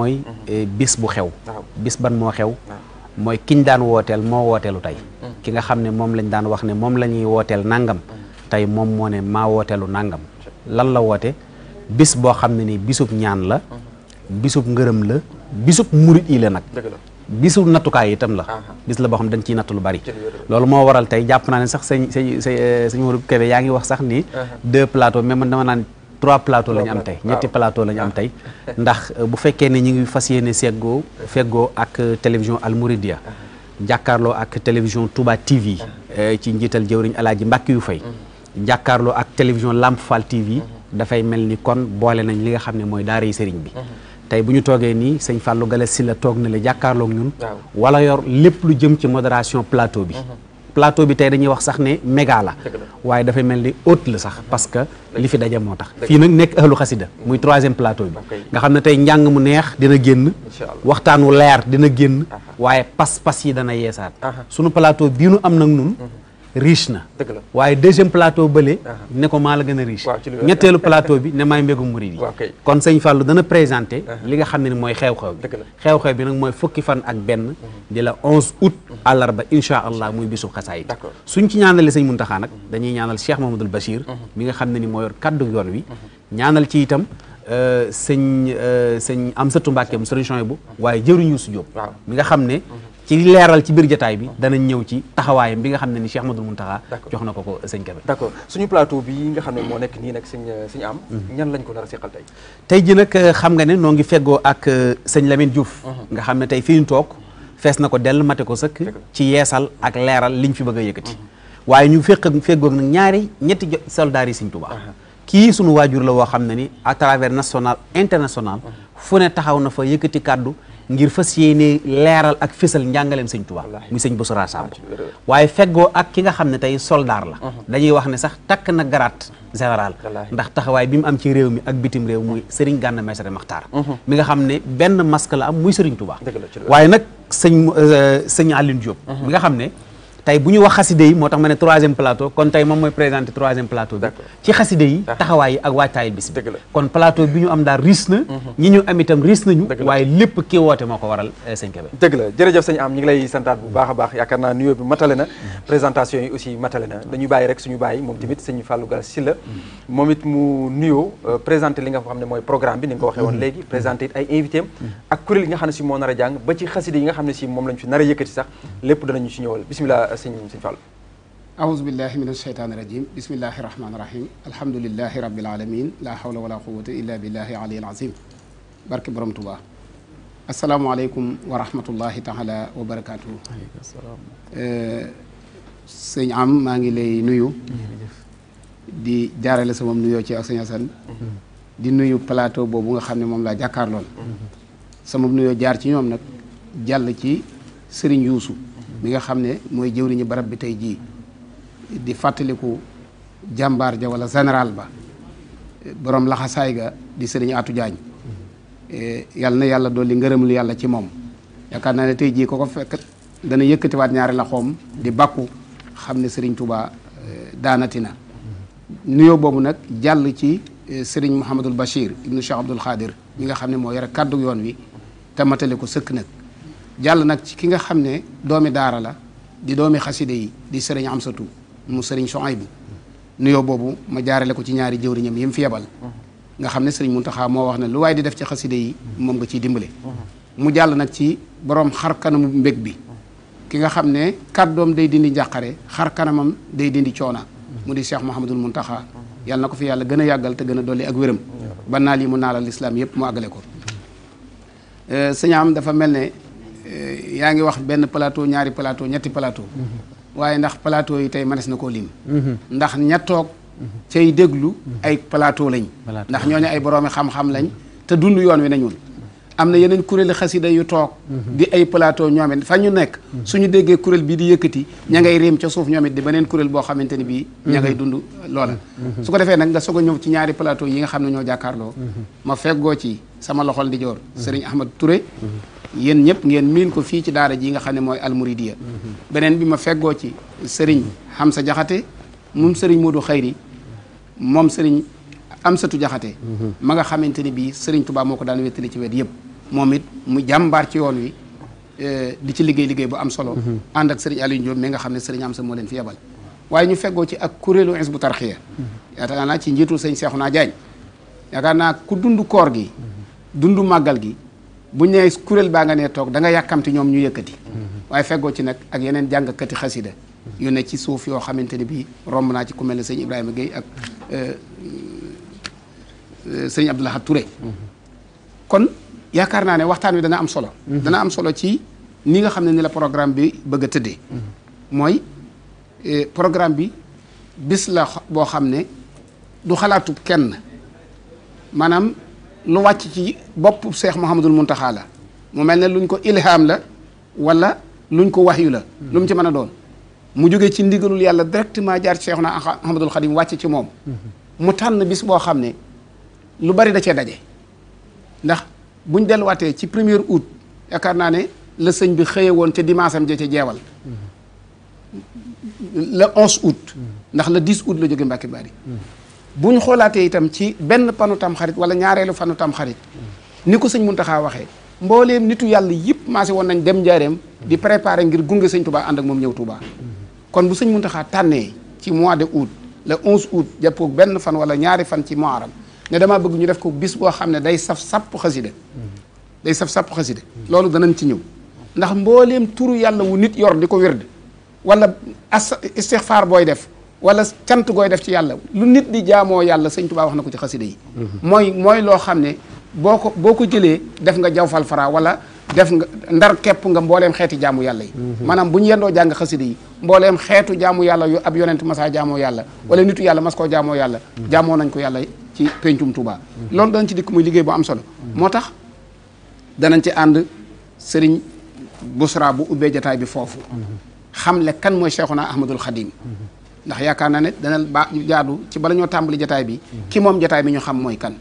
mooy mhm. eh, bis bu xew bis ban moo xew mooy kiñ daan wooteel moo wooteelu tey mhm. ki nga xam ne moom lañ daan wax ne moom la ñuy wooteel nangam mhm. tey moom moo ne maa wooteelu nangam lan la woote bis boo xam ne ni bisub ñaan la bisub ngërëm la bisub murit yi la nag bisu nattukaay yi itam la bis la boo xam dañ ciy nattu lu bari loolu moo waral tey jàpp naa ne sax sañ sañ sañ sañ Modou Kébé yaa ngi wax sax ni deux plateaux mais dama naan trois plateaux la ñu am tey ñetti plateau la ñu am tey ndax euh, bu fekkee ne ñu ngi fas yéene seggoo feggoo ak euh, télévision Almouridia jàkkaarloo ak télévision Touba TV euh, ci njiital jëwriñ Alaaji Mbàkki yu fay jàkkaarloo ak télévision Lamp Fall TV dafay mel ni kon boole nañ li nga xam ne mooy daara yi sëriñ bi tey bu ñu toogee nii sëñ Fallou Galass si la toog na la jàkkaarloog ñun wala yor lépp lu jëm ci modération plateau bi plateau bi tey dañuy wax sax ne méga la waaye dafay mel ni haute la sax parce que li fi daje moo tax fii nag nekk ahlu xasida mm. muy troisième plateau bi nga xam ne tey njàng mu neex dina génn waxtaanu leer dina génn waaye pas-pas yi dana yeesaat sunu plateau bii nu am nag nun mm-hmm. riche na. waaye deuxième plateau bële. ne ko maa la gën a riche. ñetteelu plateau bi ne maay mbégum murid yi. kon sëñ Fallou dana présenté. li nga xam ne mooy xew-xew bi. xew-xew bi nag mooy fukki fan ak benn. di la 11 août. àllarba incha allah muy bisu xasaayid. suñ ci ñaanalee sëñ Muntaxa nag dañuy ñaanal Cheikh Mamadou Bachir. mi nga xam ne ni moo yor kaddu yoon wi. ñaanal ci itam. sañ euh, sëñ euh, Amsatou Mbacke mu sëriñ Chouaïbou waaye jëriñu su Jóob ci leeral ci biir jotaay bi danañ ñëw ci taxawaayam bi nga xam ne ni Cheikh Madou Mountakha jox na ko ko sëñ Kébé d'accord suñu plateau bi nga xam ne moo nekk nii nag sëñ sëñ am mhm. ñan lañ ko nar a tey ji nag euh, xam nga ne noo ngi feggoo ak euh, sëñ Lamine Diouf mhm. nga xam ne tey fii ñu toog fees na ko dell mate ko sëkk ci yeesal ak leeral liñ fi bëgg a yëkkati mhm. waaye ñu fekk ak feggoog nag ñaari ñetti soldaar yi sëñ Tuubaa kii suñu waajur la woo xam ne ni à travers national international fu ne taxaw na fa yëkkati kàddu ngir fas yéene leeral ak fésal njàngaleem sëñ Tuubaa muy sëñ Bosora Samb waaye feggoo ak ki nga xam ne tey soldaar la uh-huh. dañuy wax ne sax takk na garaat général ndax taxawaay bi mu am ci réew mi ak bitim réew muy sëriñ Gana Messere Maxtaar uh-huh. mi nga xam ne benn masque la am muy sëriñ Tuubaa waaye nag sëñ euh, sëñ Alioune Diop uh-huh. mi nga xam ne tey bu ñu wax xaside yi moo tax ma ne troisième plateau kon tey moom mooy présenté troisième plateau bi ci xaside yi ah. taxawaay yi ak waajtaay bis bi kon plateau am daal riis na mhm. ñi ñu am itam riis nañu ko waral eh, sëñ Kébé dëgg la jërëjëf sëñ baax baax yaakaar naa nuyoo bi matale na mhm. présentation yi aussi matale na dañuy bàyyi rek suñu bàyyi moom tamit sëñ Fallou Gall Sylla mhm. moom it euh, waxee woon léegi présenté it ay am ak kuréel a jàng ba ci xaside nga xam ne si moom lañ fi nar a yëkkati sax lépp danañu si ñëwal bismillah sëñ sëñ Fall aouzu billahi min asheytaani rajim bismillahi rahmaani rahim alhamdulilahi rabbil alamin la hawla wala quwata illa billahi aliyil azim barke borom Tuubaa asalaamaaleykum wa rahmatullahi taala wa barakaatuhu sëñ am maa ngi lay nuyu di jaarale sama nuyoo ci ak sëñ Asan di nuyu plateau boobu nga xam ne moom laa jàkkaarloon sama nuyoo jaar ci ñoom nag jàll ci sëriñ Yuusu mi nga xam ne mooy jëwriñu barab bi tey jii di fàttaliku jàmbaar ja wala général ba boroom laxasaay ga di sëriñ Atou Diagne eh, yàlla na yàlla dolli ngërëm lu yàlla ci moom yaakaar naa ne tey jii ko ko fekk dana yëkkatiwaat ñaari loxoom di bakku xam ne sëriñ Touba eh, daanati na nuyoo boobu nag jàll ci eh, sëriñ Mouhamadul Bachir ibnu Cheikh Abdoul Khadir mi nga xam ne moo yore kàddu yoon wi te ko sëkk nag. jàll nag ci ki nga xam ne doomi daara la di doomi xaside yi di sëriñ Amsatu mu sëriñ bi nuyoo boobu ma jaarale ko ci ñaari jëwriñam yi mu fi yebal nga xam ne sëriñ Muntaxa moo wax ne lu waaye di def ci xaside yi moom nga ciy dimbale mu jàll nag ci boroom xar kanamu mbég bi ki nga xam ne doom day dindi njàqare xar kanamam day dindi coona mu di Cheikh Mouhamadul Muntaxa yàlla na ko fi yàlla gën a yàggal te gën a dolli ak wéram ba naa lii mu naalal lislaam yëpp mu àggale ko euh, Eh, yaa ngi wax benn plateau ñaari plateau ñetti plateau mm-hmm. waaye ndax plateau yi tey mënees na koo lim mm-hmm. ndax ña toog mm-hmm. cay déglu ay plateau lañ ndax ñoo ñu ay boroomi xam-xam lañ te dund yoon wi nañun am na yeneen kuréeli xasida yu toog di ay plateau ñoom it fa ñu nekk suñu déggee kuréel bii di yëkkati ña ngay réem ca suuf ñoom it di beneen kuréel boo xamante ni bii ña ngay dund loola su ko defee nag nga soog a ñëw ci ñaari plateau yi nga xam ne ñoo jàkkaarloo ma feggoo ci sama loxol ndijoor Serigne Ahmad Touré yéen ñëpp ngeen miin ko fii ci daara ji nga xam ne mooy almuridiya beneen bi ma feggoo ci sëriñ sa Jaxate moom sëriñ Moodu Xayri moom sëriñ Amsatu Jaxate mhm. ma nga xamante ni bii sëriñ Tuubaa moo ko daan wéttali ci wet yëpp moom it mu jàmbaar ci yoon wi euh, di ci liggéey liggéey bu am solo mhm. ànd ak sëriñ Aliou Diop mi nga xam ne sëriñ sa moo leen fi yebal waaye ñu feggoo ci ak kuréelu Hizbut Tarqiyyah mhm. yaakaar naa ci njiitu sëñ Seexuna Jaañ yaakaar naa ku dund koor gi dund màggal gi bu ñu nee kuréel baa nga nee toog da nga yàkkamti ñoom ñu yëkkati waaye feggoo ci nag ak yeneen jàngkati xasida yu ne ci suuf yoo xamante ni bii romb naa ci ku mel ne sëñ Ibrahima Guèye ak euh, euh, sëñ Abdoulaye Touré. kon yaakaar naa ne waxtaan wi dana am solo. dana am solo ci ni nga xam ne ni la programme bi bëgg a tëddee. mooy euh, programme bi bis la boo xam ne du xalaatu kenn maanaam. lu wàcc ci bopp seex Muhammadul Muntaxa la mu mel ne luñ ko ilham la wala luñ ko waxyu la lu mu ci mën a doon mu jóge ci ndigalul yàlla directement jaar ci Seexuna Ahmadul Xadim wàcc ci moom mu tànn bis boo xam ne lu bari da cee daje ndax buñ delluwaatee ci premier août yaakaar naa ne la sëñ bi xëye woon ca dimanche am ja ca jeewal le onze août ndax le dix août la jóge Mbàkke Bari bu ñu xoolaatee itam ci benn panu tam xarit wala ñaareelu fanu tam xarit ni ko sëñ Muntaxa waxee mbooleem nitu yàlla yëpp maase woon nañ dem njaareem di préparer ngir gunge sëñ Touba ànd ak moom ñëw Touba kon bu sëñ Muntaxa tànnee ci mois de août le onze août jàppoo benn fan wala ñaari fan ci Muharram ne damaa bëgg ñu def ko bis boo xam ne day saf sàpp xasida day saf sàpp xasida loolu danañ ci ñëw ndax mbooleem turu yàlla wu nit yor di ko wérd wala as istixfaar booy def wala cant gooy def ci yàlla lu nit di jaamoo yàlla sëñ Tuubaa wax na ko ci xasida yi mooy mooy loo xam ne boo ko boo ko jëlee def nga jawfal fara wala def nga ndar képp nga mbooleem xeeti jaamu yàlla yi mhm. maanaam bu ñu yendoo jàng xasida yi mbooleem xeetu jaamu yàlla yu ab yonent masaa jaamoo yàlla wala nitu yàlla mas koo jaamoo yàlla mhm. jaamoo nañ ko yàlla ci pencum Tuubaa mhm. loolu dañ ci dikk muy liggéey bu am solo moo tax danañ ci ànd sëriñ Busra bu ubbee jataay bi foofu xamle kan mooy Cheikhuna Ahmadul Xadim ndax yaakaar naa ne dana baax ñu jaadu ci bala ñoo tàmbali jataay bi ki moom jataay bi ñu xam mooy kan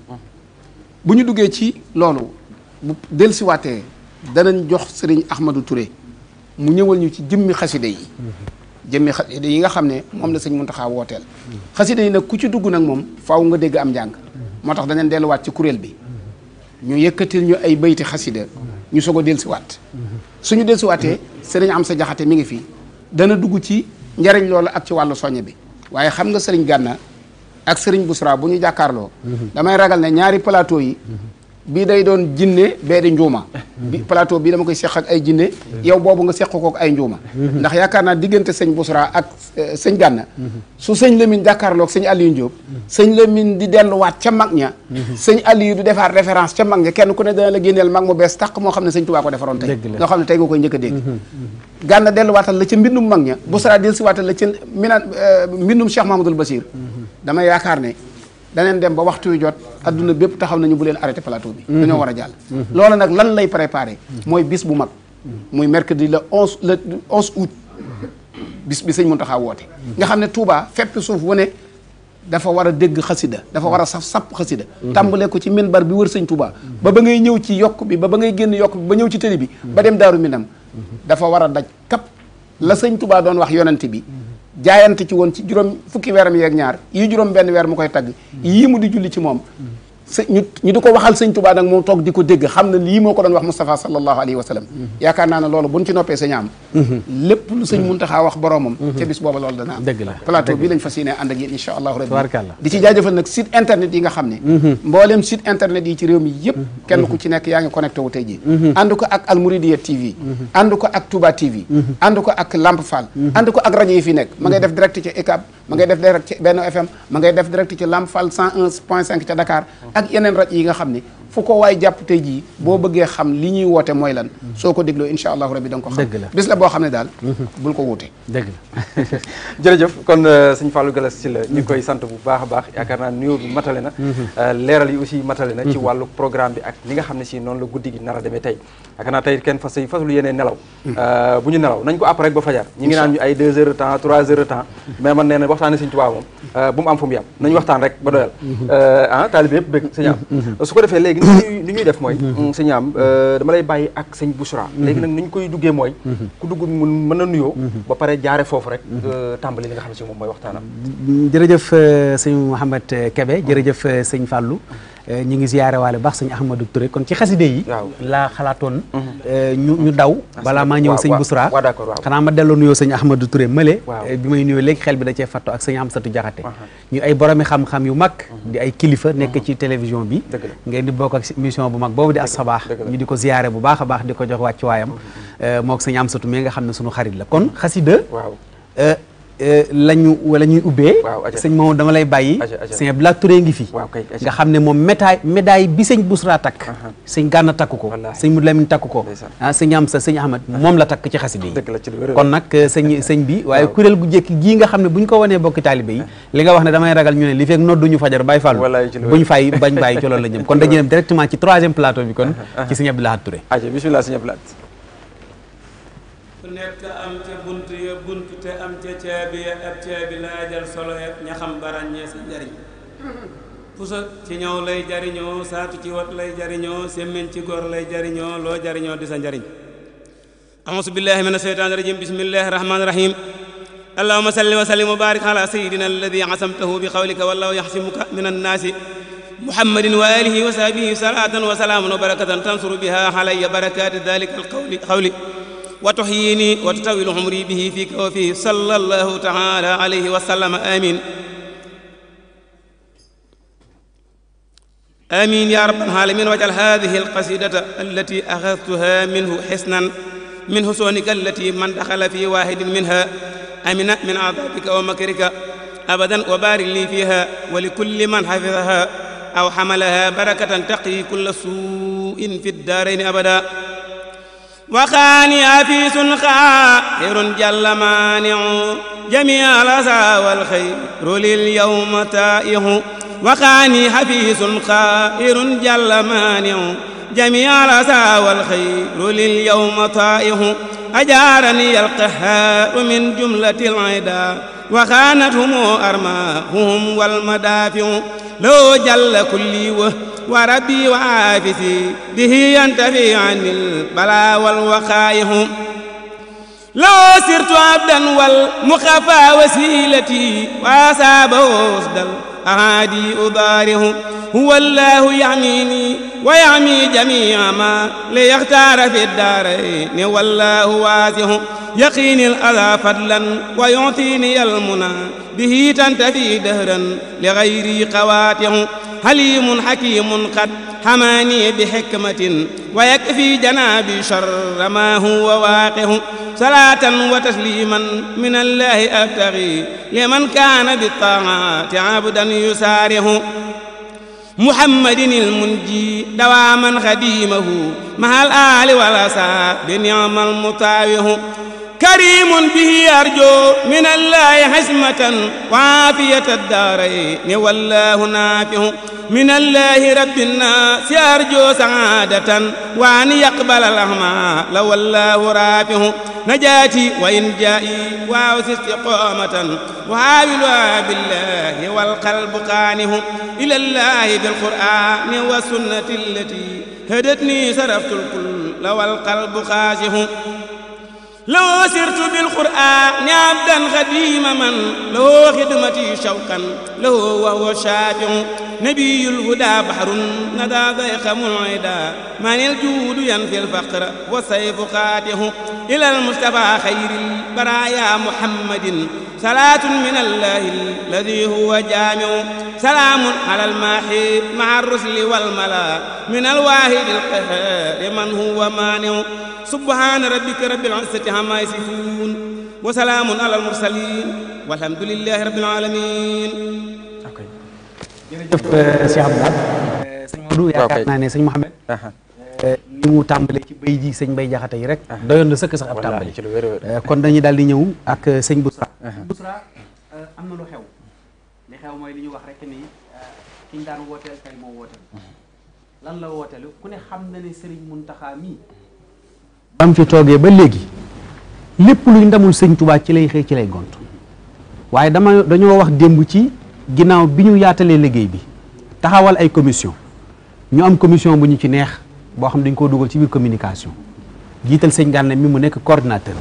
bu ñu duggee ci loolu bu dellusiwaatee danañ jox sëriñ Ahmadou Touré mu ñëwal ñu ci jëmmi xaside yi jëmmi xaside yi nga xam ne moom la sëñ Muntaxa wooteel xaside yi nag ku ci dugg nag moom faaw nga dégg am njàng moo tax danañ delluwaat ci kuréel bi ñu yëkkatil ñu ay bayti xasida ñu soog a su ñu dellusiwaatee sëriñ am sa jaxate mi ngi fi dana dugg ci njariñ loolu ak ci wàllu soññe bi waaye xam nga sëriñ Gànna ak sëriñ Busra bu ñu jàkkaarloo mhm. damay ragal ne ñaari plateau yi mhm. bii day doon jinne bee di njuuma bi plateau bii dama koy seq ak ay jinne mm-hmm. yow boobu nga seq kook ay njuuma mm-hmm. ndax yaakaar naa diggante sëñ Bousra ak eh, sëñ Gànna mm-hmm. su sëñ Lamine jàkkaarloog sëñ Aliou Diop sëñ Lamine di delluwaat ca mag ña sëñ Aliou di defaat référence ca mag ña kenn ku ne dana la génneel mag mu bees tàq moo xam ne sëñ Tuubaa ko defaroon tey nga xam ne tey nga koy njëkk a dégg Gànna delluwaatal la ca mbindum mag ña Bousra dellusiwaatal la ca minaan eh, mbindum Cheikh Mahamadoul Basir dama yaakaar ne daneen dem ba waxtu wi jot adduna bépp taxaw nañu bu leen arrêté plateau bi dañoo war a jàll loolu nag lan lay préparé mooy bis bu mag muy mercredi la onze le onze août bis bi sëñ Muntaxa woote nga xam ne Touba fépp suuf wu ne dafa war a dégg xasida dafa war a saf sap xasida tàmbale ko ci bar bi wër sëñ Touba ba ba ngay ñëw ci yokk bi ba ba ngay génn yokk bi ba ñëw ci tëli bi ba dem daaru minam dafa war a daj kap la sëñ tubaa doon wax yonante bi jaayante ci woon ci juróom fukki weeram yeeg ñaar yi juróom benn weer mu koy tagg yii mu di julli ci moom ñu diko waxal seigne touba nak mo tok di deg xamna li moko don wax mustafa sallallahu Alaihi Wasallam sallam mhm. yaakaar naa ne buñ ci seigne am lepp lu seigne mhm. muntaha wax boromam mhm. ci bis bobu lolu dana am la plateau bi lañ fasiyene and ak yeen inshallah rabbi di ci jajeufal nak site internet yi nga xam mbollem site internet yi ci rew mi yëpp kenn ku ci nek yaangi connecté wu tey ji ko ak mouridiya tv and ko ak touba tv and ko ak lamp fall and ko ak radio yi fi nek ma ngay def direct ci ecap ma ngay def direct ci ben fm ma ngay def direct ci lamp fall 101.5 ci dakar ak yeneen raj yi nga xam ni fu ko waay jàpp tey jii boo bëggee xam li ñuy woote mooy lan soo ko dégloo incha allahu rabi da nga ko xam bis la boo xam ne daal mhm. bul ko wuute dëgg la jërëjëf kon euh, sëñ Fallou Gallas Sylla ñu ngi koy sant bu baax a baax yaakaar naa nuyoo bi matale na mhm. euh, leeral yi aussi matale na ci mhm. wàllu programme bi ak li nga xam ne si noonu la guddi gi nar a demee tey yaakaar naa tey kenn fas yi fasul yéenee euh, ñu nañ ko après rek ba ñu ngi naan ñu ay deux heures de temps trois heures de temps mais man nee na waxtaane sëñ Tuubaa moom bu mu am fu mu nañ waxtaan rek ba doyal ah yëpp bëgg sëñ am su ko defee léegi li ñuy def mooy mhm. sëñ am euh, dama lay bàyyi ak sëñ Bouchra mhm. léegi nag ni ñu koy duggee mooy mhm. ku duggu mun mën a nuyoo ba pare jaaree foofu rek euh, tàmbali li nga xam ne si moom mooy waxtaanam jërëjëf euh, sëñ Mouhamed kebe jërëjëf sëñ fàllu ñi ngi ziyaare waale baax sëñ Ahmadou Touré kon ci xaside yi laa xalaatoon mhm. euh, ñu ñu daw balaa maa ñëw sëñ Bousra xanaa ma delloo nuyoo sëñ Ahmadou Touré mële euh, bi may nuyoo léegi xel bi da cee fatto ak sëñ Amsatou Diakhaté ñu ay boromi xam-xam yu mag mhm. di ay kilifa mhm. nekk ci télévision bi ngeen di bokk ak émission bu mag boobu di As-Sabah ñu di ko ziyaare bu baax a baax di ko jox wàcc waayam euh, mook sëñ Amsatou mi nga xam ne sunu xarit la kon xasida Euh, lañu wala ñuy ubbee sëñ Mamadou dama lay bàyyi sëñ Abdoulaye Touré ngi fi nga xam ne moom médaille médaille bi sëñ Bousra takk sëñ Gana takk ko sëñ Moudou Lamine takk ko ah sëñ Amsa sëñ Ahmad moom la takk ci xasida yi kon nag euh, sëñ sëñ bi waaye kuréel gu jëkk gii nga xam ne bu ñu ko wanee bokki taalibe yi li nga wax ne damay ragal ñu ne li fekk nodduñu fajar bàyyi fàllu buñ fay bañ bàyyi ci loolu la jëm kon dañuy dem directement ci troisième plateau bi kon ci sëñ Abdoulaye Touré bismillah nekk am ca bunt ya bunt te am ca caabi ya ab caabi laajal solo ya ña xam ba ràññee sa njariñ puso ci ñaw lay jariñoo saatu ci wat lay jariñoo semmeñ ci gor lay jariñoo loo jariñoo di sa njariñ أعوذ بالله من الشيطان الرجيم بسم الله الرحمن الرحيم اللهم صل وسلم وبارك على سيدنا الذي عصمته بقولك والله يحسمك من الناس محمد وآله وصحبه صلاة وسلام وبركة تنصر بها علي بركات ذلك القول قولي وتحييني وتطول عمري به فيك وفيه صلى الله تعالى عليه وسلم آمين آمين يا رب العالمين واجعل هذه القصيدة التي أخذتها منه حسنا من حسونك التي من دخل في واحد منها أمن من عذابك ومكرك أبدا وبارك لي فيها ولكل من حفظها أو حملها بركة تقي كل سوء في الدارين أبدا وخاني أفيس خائر جل مانع جميع الأسى والخير لليوم تائه وخاني حفيس خائر جل مانع جميع الأسى والخير لليوم طائه أجارني القهار من جملة العدا وخانتهم أرماهم والمدافع لو جل كل وهم وربي وعافسي به ينتفي عن البلاء والوخائهم لو سرت عبدا والمخفى وسيلتي وأصابه أسدى أهادي أباره هو الله يعميني ويعمي جميع ما ليختار في الدارين والله واسع يقيني الأذى فضلا ويعطيني المنى به تنتفي دهرا لغيري قواته حليم حكيم قد حماني بحكمة ويكفي جنابي شر ما هو واقع صلاة وتسليما من الله أبتغي لمن كان بالطاعات عبدا يساره محمد المنجي دواما خديمه مع الآل والأصحاب بنعم المطاوه كريم به أرجو من الله حسمة وعافية الدارين والله نافه من الله رب الناس أرجو سعادة وأن يقبل الأعمال والله رافه نجاتي وإن جائي وأوس استقامة وعاملها بالله والقلب قانه إلى الله بالقرآن والسنة التي هدتني صرفت الكل والقلب خاشه لو سرت بالقرآن عبدا خديما من له خدمتي شوقا له وهو شافع نبي الهدى بحر ندى ضيق العدا من الجود ينفي الفقر وسيف قاده إلى المصطفى خير برايا محمد صلاة من الله الذي هو جامع سلام على الماحي مع الرسل والملا من الواهي القهار من هو مانع سبحان ربك رب العزة عما يصفون وسلام على المرسلين والحمد لله رب العالمين jërëjëf Cheikh Abdou Lahad sëñ Modou yaakaar naa ne sëñ Mouhamed li mu tàmbalee ci bay ji sëñ Bay Jaxate yi rek doyoon na sëkk sax ab tàmbali kon dañuy daal di ñëw ak sëñ Bousra Bousra am na lu xew li xew mooy li ñu wax rek ni ki ñu daan wooteel tey moo wooteel lan la wooteelu ku ne xam na ne sëriñ Muntaxa mii bam fi toogee ba léegi lépp luy ndamul sëñ tubaa ci lay xëy ci lay gont waaye dama dañoo wax démb ci ginnaaw bi ñu yaatalee liggéey bi taxawal ay commission ñu am commission bu ñu ci neex boo xam dañ koo dugal ci biir communication jiital sëñ Gànna mi mu nekk coordinateur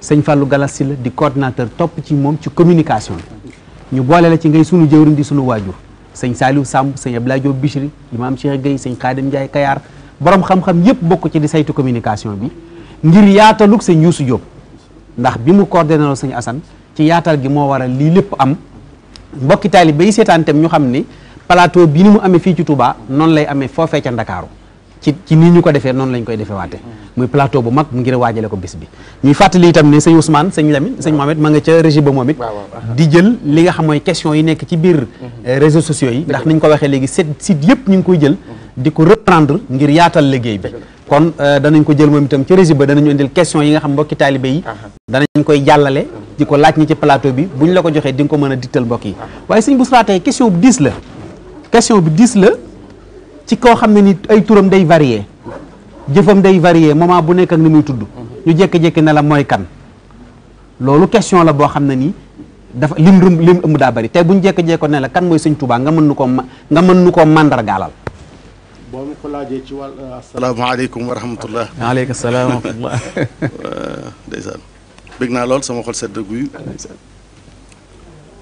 sëñ Fallou Galassi la di coordinateur topp ci moom ci communication bi ñu boole la ci ngay sunu jëwriñ di sunu waajur sëñ Saliou sàmm sëñ Abdoulaye Diop Bichri Imam Cheikh Gueye sëñ Khadim Ndiaye Kayar borom xam-xam bokk ci di saytu communication bi ngir yaatalug sëñ Youssou Diop ndax bi mu coordonné loo sëñ ci yaatal gi moo waral lii lépp am mbokki taalibe yi seetaan itam ñu xam ni plateau bi ni mu amee fii ci Touba noonu lay amee foo ca Ndakaaru ci ci nii ñu ko defee noonu lañ koy defee waate muy plateau bu mag ngir waajale ko bis bi ñuy fàttali itam ne ma nga ca régie ba moom it di jël yi nekk ci biir mhm. eh, réseaux sociaux yi ndax niñ ko waxee léegi set site yëpp ñu ngi koy jël mhm. di ko reprendre ngir yaatal liggéey bi kon eh, danañ ko jël moom itam ci régie ba danañu indil question yi nga xam mbokki taalibe yi danañ koy jàllale di ko laaj ñi ci plateau bi ñu la ko joxee di nga ko mën a dittal mbokk yi waaye sëñ Bousra tey question bu diis la question bu la ci ko xam ni ay turam day varier jeufam day varier moment bu nek ak ni muy tudd ñu jek jek na la moy kan lolu question la bo xam ni nii dafa lim rum lim ëmb da bari tay buñu jek jek ko ne la kan moy seigne Touba nga mën nu ko nga mën nu mandar galal bo mi ko laaje ci euh, assalamu alaykum wa rahmatullah alayka salaam wa rahmatullah euh, ndeysaan bég lol sama xol sedd guy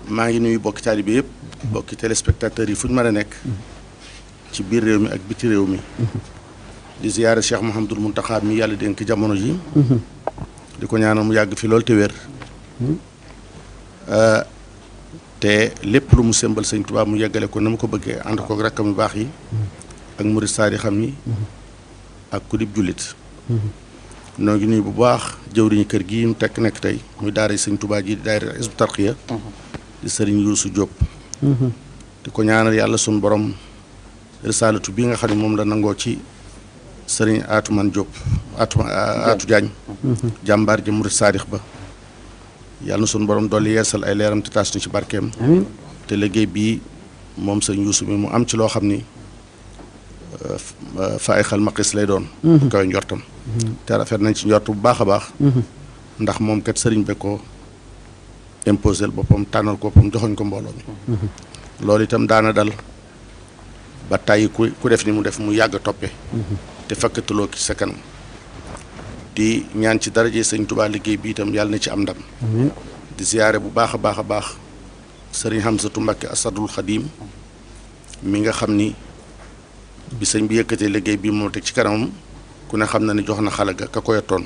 ma ngi nuyu bokk talibé yëpp bokki yi fuñu mëna nek ci biir réew mi ak biti réew mi di ziyaare Cheikh Mouhamadul Muntaxa mi yàlla dénk jamono ji di ko ñaanal mu yàgg fi lool te wér eh, te lépp lu mu sembal sëñ tubaab mu yeggale ko na mu ko bëggee ànd kook rakkam yu baax yi ak murit saari xam yi ak kudib jullit noo ngi nuyu bu baax jëwriñu kër gi mu tekk nekk tey muy daara sëñ tubaa ji di daara Hizbut di sëriñ Yuusu Jóob mm-hmm. di ko ñaanal yàlla sunu borom risalatu bii nga xam ne moom la nangoo ci sëriñ Atuman man Atu Atu euh, Diagne jàmbaar ji murid saadix ba yàlla na suñu borom dolli yeesal ay leeram te taas ci barkeem te liggéey bii moom sëriñ Yuusu mi mu am ci loo xam ni euh, fa ay xel maqis lay doon mm-hmm. kaw njortam mm-hmm. te rafet nañ ci njort bu baax a baax mm-hmm. ndax moom kat sëriñ be ko imposel boppam tànnal ko boppam joxoñ ko mbooloo mi loolu itam daana dal ba tàyyi ku def ni mu def mu yàgg a toppe mhm. te fakkataloo ki sa kanam di ñaan ci daraje sëñ tubaa liggéey bi itam yàlla na ci am ndam di ziyaare bu baax a baax a baax sëriñ Hamsatu Mbàkke Asadul Xadiim mi nga xam ni bi sëñ bi yëkkatee liggéey bi moo teg ci kanamam ku ne xam na ni jox na xale ga ka koyatoon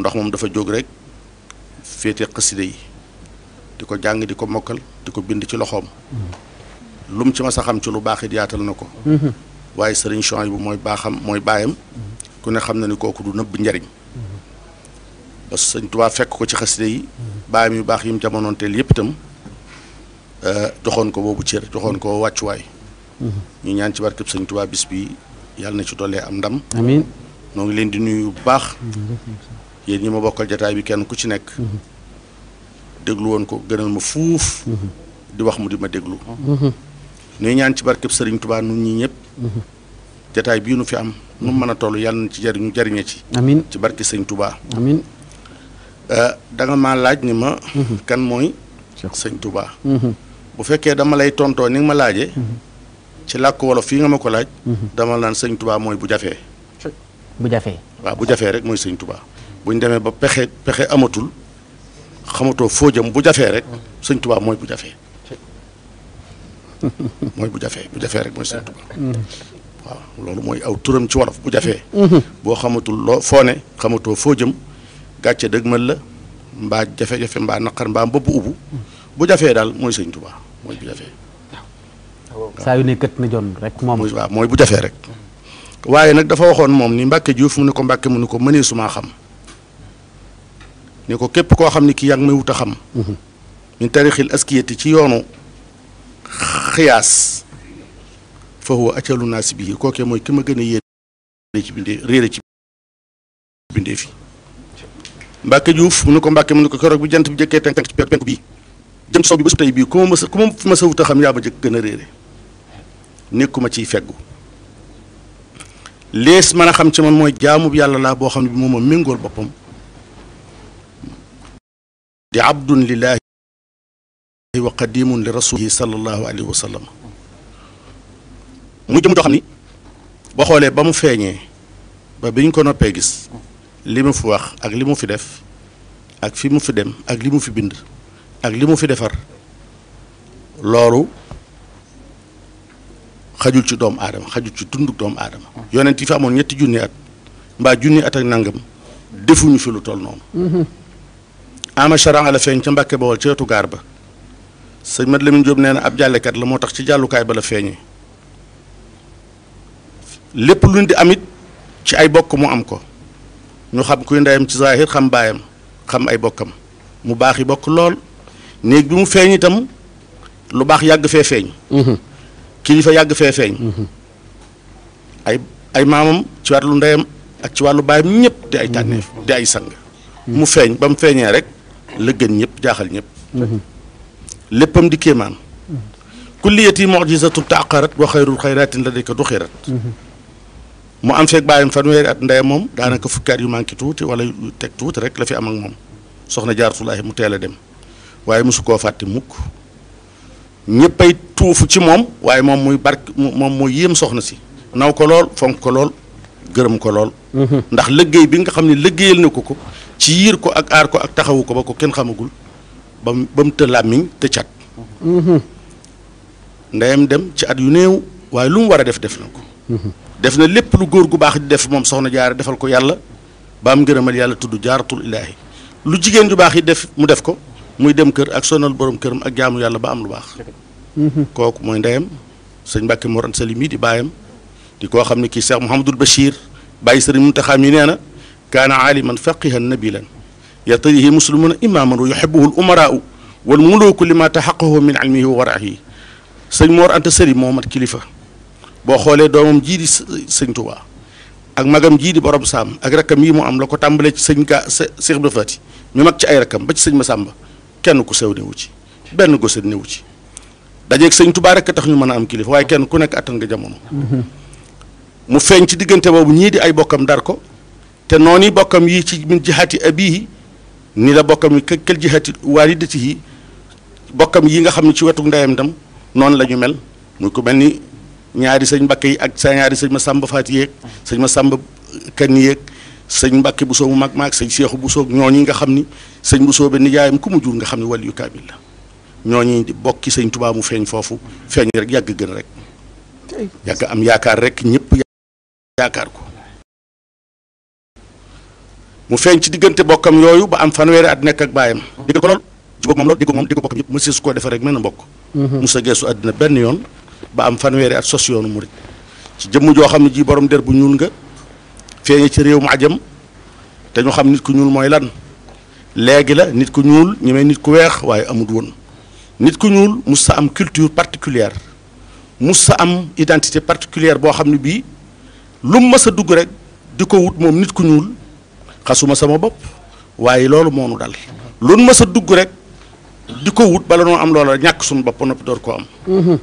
ndax moom dafa jóg rek féete xaside yi di ko jàng di ko mokkal di ko bind ci loxoom mhm. lu ci ma sa xam ci lu baax it yaatal na ko mhm. waaye sëriñ Chouaïbou mooy baaxam mooy baayam mhm. ku ne xam na ni kooku du nëbb njariñ parce mhm. que sëñ Tuubaa fekk ko ci xasida yi baayam yu baax yi mu teel yëpp itam euh, joxoon ko boobu cër joxoon ko wàccuwaay ñu ñaan ci barkeb sëñ Tuubaa bis bi yàlla na ci dollee am ndam amiin ngi leen di nuyu bu baax yéen ñi ma bokkal jataay bi kenn ku ci nekk déglu woon ko gënal ma fuuf di wax mu di ma déglu nuy ñaan ci barkeb Serigne tubaa nu ñi ñëpp mhm. jataay bii nu fi am nu mën a toll yàlla na ci ci amiin ci barke Serigne Touba amiin euh, da nga laaj ni ma mhm. kan mooy sëñ tubaa mhm. bu fekkee dama lay tontoo ni nga ma laajee ci làkk wolof fii nga ma ko laaj dama naan sëñ Touba mooy bu jafee bu jafee waa bu jafee rek mooy Serigne Touba buñ demee ba pexe pexe amatul xamatoo foo jëm bu jafee rek Serigne Touba mooy bu jafee mooy bu jafee bu jafee rek mooy Sëriñ Tuubaa waaw loolu mooy aw turam ci wolof bu jafee boo xamatul loo foo ne xamatoo foo jëm gàcce dëgg mal la mbaa jafe-jafe mbaa naqar mbaa mbëbb ubbu bu jafee daal mooy Sëriñ Tuubaa mooy bu jafee saa yu na jon rek moom waaye nag dafa waxoon moom ni Mbàkke Juuf mu ne ko Mbàkke mu ne ko mënee sumaa xam ne ko képp koo xam ne kii yaa ngi may wut a xam mhm. min tarixil askiyati ci yoonu xiyaas fa huwa acalu naasi bii kookee mooy ki ma gën a yéene ci bindee réere ci bindee fi Mbàkke Juuf mu ne ko Mbàkke mu ne ko keroog bi jant bi jëkkee tenk ci penku bii jëm sow bi ba su tey bii ku ma mës ku wut a xam yaa ma jëkk gën a réere nekkuma ciy feggu lees man a xam ci man mooy jaamu yàlla laa boo xam ne bi moom a méngool boppam di abdun lillahi هو قديم لرسوله صلى الله عليه وسلم موي جامو خامني با خولے بامو فيغني با بيغن كو نوبي گيس ليمو في واخ اك ليمو في ديف اك فيمو في ديم اك ليمو في بيند اك ليمو في ديفار لورو خاجول سي دوم ادم خاجول سي توندو دوم ادم يونتي فامون نيت جوني ات با جوني ات اك نانغام ديفو ني فلو تول نون اما شرع على فين تمباك بول تيتو غاربه sëñ Mat la mu Jóob nee na ab jàllekat la moo tax ci jàllukaay ba la feeñee lépp luñ di amit ci ay bokk mu am ko ñu xam kuy ndeyam ci zaahir xam baayam xam ay bokkam mu baax yi bokk lool néeg bi mu feeñ itam lu baax yàgg fee feeñ mm-hmm. kilifa yàgg fee feeñ mm-hmm. ay ay maamam ci wàllu ndeyam ak ci wàllu baayam ñëpp di ay tànneef mm-hmm. di ay sang mu feeñ ba mu feeñee rek la gën ñëpp jaaxal ñëpp لبم دي كل كليتي معجزة تعقرت وخير الخيرات لديك دخرت ما أم بعدين فنوي عندنا يوم ده كفكر يوم أنك ولا تكتوت رك لفي أمام يوم سخن جارس الله متعال وعي مسك وفات مك نبي توف شيء يوم وعي يوم مي برك يوم مي يم سخن سي ناو كلول فن كلول غرم كلول ndax liggey bi nga xamni liggeyel nako ko ci yir ko bam mu ba të làmmiñ te cat. ndeyam dem ci at yu néew way lu mu wara def def nako def na lépp lu gor gu bax di def mom soxna jaar defal ko yàlla ba am ngërëmal yàlla tuddu jaaratul ilahi lu jigen ju bax yi def mu def ko muy dem kër ak sonal borom këram ak jaamu yàlla ba am lu bax kooku mooy ndeyam sëñ Mbàkke Mor Anta Sali di bayam di ko xamni ki Cheikh Mouhamadul Bachir baye serigne muntakha mi neena kana aliman faqihan nabilan يطيه مسلمون إما من يحبه الأمراء والملوك لما تحقه من علمه ورعه سيمور أنت سري محمد كليفة بخوله دوم جيد سنتوا أك مغم جيد برب سام أك ركمي مو أم لكو تنبلي سنكا سيخ بفاتي ميمك تي أي ركم بج سنما سامبا كان نكو سيو نيوتي بل نكو سيو نيوتي داجيك سنتوا بارك تخنو من أم كليفة وعي كان كونك أتن جامونو مو فنش ديغنتي بابو نيدي أي بوكم داركو تنوني بوكم يي تي من جهاتي أبيه ni la bokkam yi kël jihati waalidatihi bokkam yi nga xam ne ci wetu ndeyam dam noonu la ñu mel muy ko mel ni ñaari sëñ Mbàkke yi ak sa ñaari sëñ ma sàmba faat yéeg sëñ ma sàmba kan yéeg sëñ Mbàkke bu soo mu mag maag sëñ Seexu bu soo ñooñu nga xam ni sëñ bu soo be nijaayam ku mu jur nga xam ne wàllu yu kaamil ñooñu di bokki sañ Tuubaa mu feeñ foofu feeñ rek yàgg gën rek yàgg am yaakaar rekk ñëpp mu feñ ci digënté bokkam yoyu ba am fanweeri at nek ak bayam diko ko lol di ko lol diko mom diko bokkam mu sis koo rek mel na mhm. mu musa gesu adina ben yoon ba am fanweeri at sos yoonu mourid ci jëm jo xamni ji borom der bu ñuul nga feñ ci réew mu ajam té ñu xam nit ku ñuul moy lan légui la nit ku ñuul ñemee nit ku weex waaye amut won nit ku ñuul musta am culture particulière musta am identité particulière bo xamni bi lu mu dugg rek diko wut mom nit ku ñuul xasuma sama bopp waaye loolu moo nu dal loolu ma sa dugg rek di ko wut bala noo am loola ñàkk suñu bopp noppi door koo am mhm.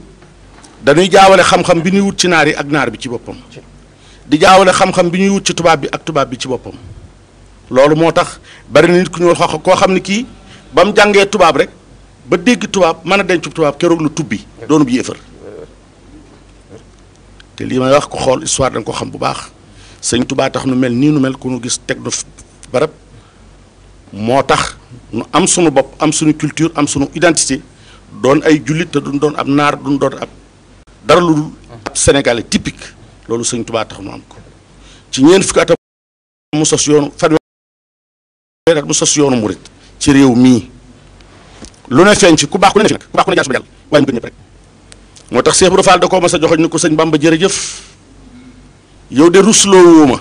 dañuy jaawale xam-xam bi ñuy wut ci naar yi ak naar bi ci boppam di jaawale xam bi ñuy wut ci tubaab bi ak tubaab bi ci boppam loolu moo tax bari na nit ku ñuul xox koo xam ne kii ba mu jàngee tubaab rek ba dégg tubaab mën a denc tubaab keroog lu tubbi doonu bu yéefar te lii may wax ko xool histoire dañ ko xam bu baax sëñ tubaa tax nu mel nii nu mel ku nu gis teg nu barab moo tax nu am sunu bopp am sunu culture am sunu identité doon ay jullit te duñ doon ab naar duñ doon ab dara lu dul ab sénégalais typique loolu sëñ tubaa tax nu am ko ci ñeent fukki at mu sos yoonu fanweer at mu sos yoonu murit ci réew mii lu ne feeñ ci ku baax ku ne feeñ ku baax ku ne jaar su ba jàll waaye mu gën ñëpp rek moo tax Cheikh Ibra Fall da koo mas a joxoñ ni ko sëñ Bamba jërëjëf yow de ruslo wuma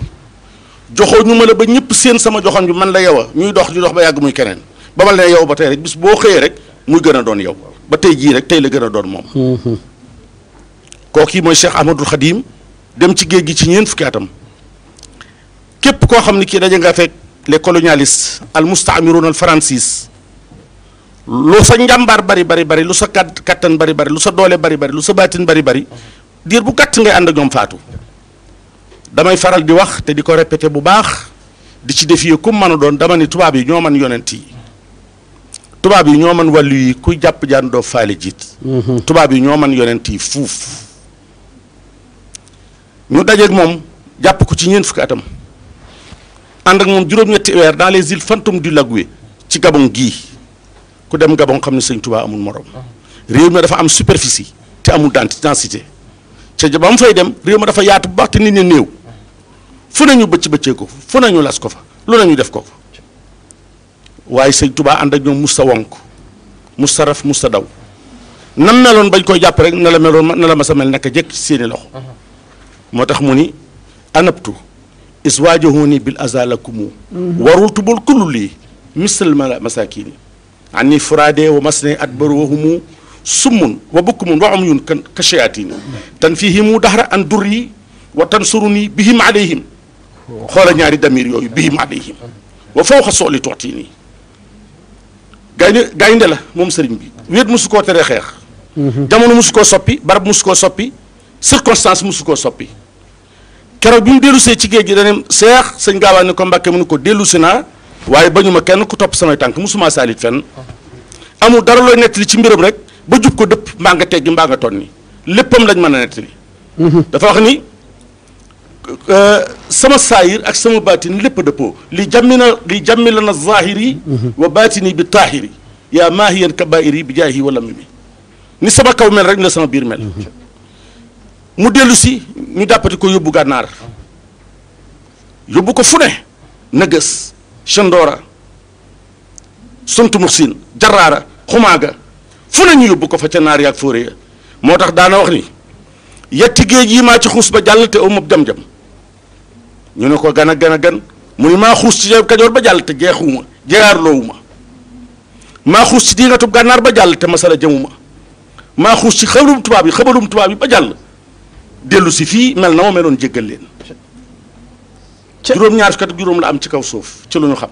joxo joxoo ñu la ba ñepp seen sama joxon bi man la yow ñuy dox di dox ba yag muy keneen ba yow ba tay rek bis bo xey rek muy gëna doon yow ba tey ji rek tay la gëna doon mom mm-hmm. ko ki moy cheikh ahmadul Khadim, dem ci geeg gi ci ñeen fukki atam kep ko xamni ki dajé nga fek les colonialistes al mustamirun al francis lu sa njambar bari bari bari lu sa katan bari bari lu sa doole bari bari lu sa baatin bari bari dir bu kat ngay and ak ñom fatou damay faral di wax te di ko répété bu baax di ci def comme mën a doon dama ni tubaab yi ñoo man yonent yi tubaab yi ñoo man wàllu yi ku jàpp jaan doo faale jiit mhm. tubaab yi ñoo man yonent yi fuuf ñu dajeeg moom jàpp ko ci ñeent fukki atam ànd ak moom juróom-ñetti weer dans les îles fantômes du Lagoué ci Gabon gii ku dem Gabon xam ne sëñ Touba amul morom réew mi dafa am superficie te amul densité ca ba mu fay dem réew ma dafa yaatu bu baax te nit ñi fu nañu bëcc bëccee ko fu nañu las ko fa lu nañu def ko fa waaye sëñ tubaa ànd ak ñoom musta wonk musta raf musta daw nam meloon bañ koy jàpp rek na la meloon na la ma sa mel naka jëkk seeni loxo moo tax anabtu iswaajahuni bil azalakumu warul tubul kullu lii misal ma masakini anni furaade wa masne adbaru wa humu summun wa bukkumun wa umyun ka shayatini tanfihim dahra an durri wa tansuruni bihim alayhim xoola ñaari damir yooyu bihim alayhim wa fawxa sooli tootini gaynde gaynde la moom sëriñ bi wéet musu koo tere xeex jamono musu koo soppi barab musu koo soppi circonstance musu koo soppi keroog bi mu dellusee ci géej gi danem seex sëñ gaawaan ne ko mbàkke mu ne ko dellusi naa waaye bañu ma kenn ku topp samay tànk musuma saalit fenn amul dara looy nettali ci mbiram rek ba jub ko dëpp mbaa nga teggi mbaa nga tonni léppam lañ mën a mhm. dafa wax ni sama saayir ak sama baatin lépp dëppoo li jammina li jammilana zahiri wa baatini bi taahiri yaa maahiyan kabairi bi jaahi wala mi bi ni sama kaw mel rek ni la sama biir mel mu dellu si ñu dàppati ko yóbbu gànnaar yóbbu ko fu ne nëgës chandoora sontu muxsin jarraara xumaaga fu ne ñu yóbbu ko fa ca naar yaag fóore ya moo tax daana wax ni yetti géej yi maa ci xuus ba jàll te aw mab jam-jam ñu ne ko gan a gan a gan mu ni maa xuus ci kajoor ba jàll te jeexuma jeexaarloowuma maa xuus ci diingatub gànnaar ba jàll te masala jëmuma maa xuus ci xabalum tubaab yi xabalum tubaab yi ba jàll dellu si fii mel na ma meloon jéggal leen juróom-ñaar kat juróom la am ci kaw suuf ci lu ñu xam